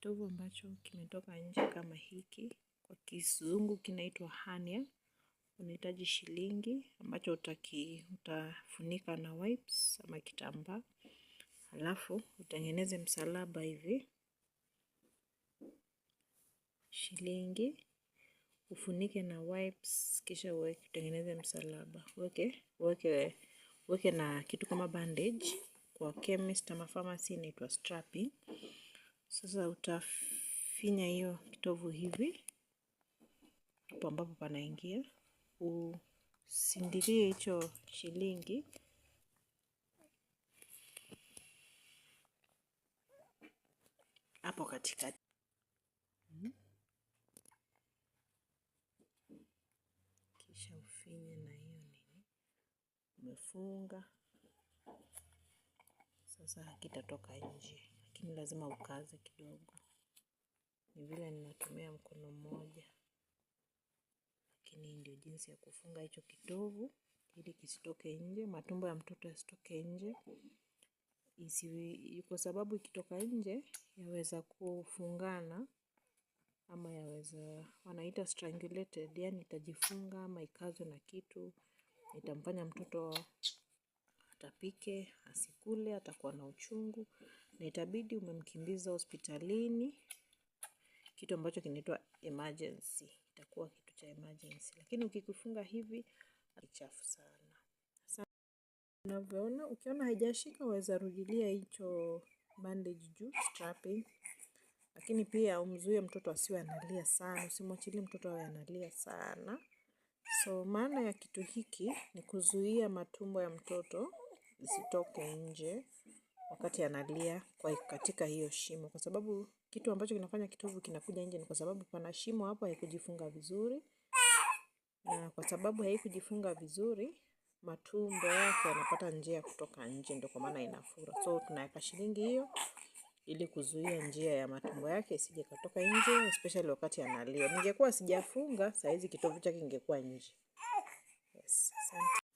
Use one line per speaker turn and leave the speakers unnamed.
kitovu ambacho kimetoka nje kama hiki, kwa kizungu kinaitwa hernia. Unahitaji shilingi ambacho utaki, utafunika na wipes ama kitambaa, alafu utengeneze msalaba hivi, shilingi ufunike na wipes, kisha uweke, utengeneze msalaba uweke, uweke, uweke na kitu kama bandage. Kwa chemist ama pharmacy inaitwa strapping. Sasa utafinya hiyo kitovu hivi hapo ambapo panaingia, usindilie hicho shilingi hapo katikati. Hmm. Kisha ufinye na hiyo nini, umefunga sasa, kitatoka nje lakini lazima ukaze kidogo. Ni vile ninatumia mkono mmoja, lakini ndio jinsi ya kufunga hicho kitovu ili kisitoke nje, matumbo ya mtoto yasitoke nje kwa sababu ikitoka nje yaweza kufungana ama yaweza wanaita strangulated, yani itajifunga ama ikazwe na kitu, itamfanya mtoto tutapike, asikule, atakuwa na uchungu na itabidi umemkimbiza hospitalini, kitu ambacho kinaitwa emergency. Itakuwa kitu cha emergency, lakini ukikifunga hivi chafu sana. unavyoona, ukiona haijashika waweza rudilia hicho bandage juu strapping, lakini pia umzuie mtoto asiwe analia sana, usimwachilie mtoto awe analia sana. So maana ya kitu hiki ni kuzuia matumbo ya mtoto isitoke nje wakati analia kwa katika hiyo shimo, kwa sababu kitu ambacho kinafanya kitovu kinakuja nje ni kwa sababu pana shimo hapo haikujifunga vizuri, na kwa sababu haikujifunga vizuri matumbo yake yanapata njia ya kutoka nje, ndio kwa maana inafura. So tunaweka shilingi hiyo ili kuzuia njia ya matumbo yake isije katoka nje, especially wakati analia. Ningekuwa sijafunga, saizi, kitovu chake kingekuwa nje. Yes, asante.